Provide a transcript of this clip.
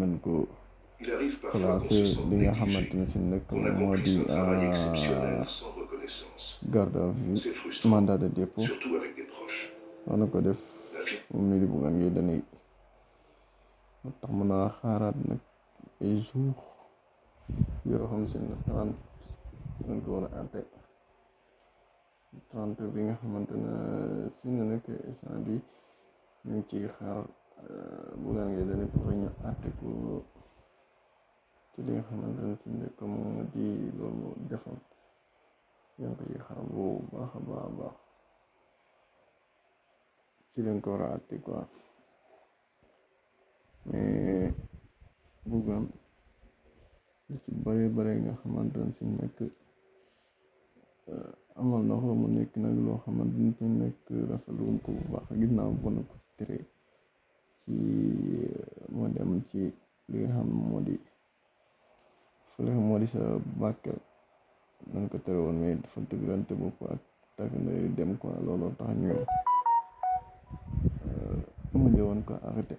mën ko classé li nga xamante ne si nag moo di garde à vue mandat de dépôt war na ko def mu di bu ngan ngay dañuy moo tax mën a xaaraat nag ay jour yoo xam si a Euh, Bougane Gueye Dany pour ñu àtte ko ci li nga xamante ne si ne comme di loolu defoon ñu ngi koy xaar bu baax a baax a baax ci lañ ko war a àtte quoi mais Bougane lu ci bare bare nga xamante ne si nekk euh, amal na xoo mu nekk nag loo xamante ne si nekk rafetlu ko bu baax ginnaaw bon ko tere ci moo dem ci li nga xam moo di fële moo di sa bàkkel nan ko tere woon mais dafa dëgërante bopp ak tàgg na dem quoi looloo tax ñu euh, mujj woon ko arrêté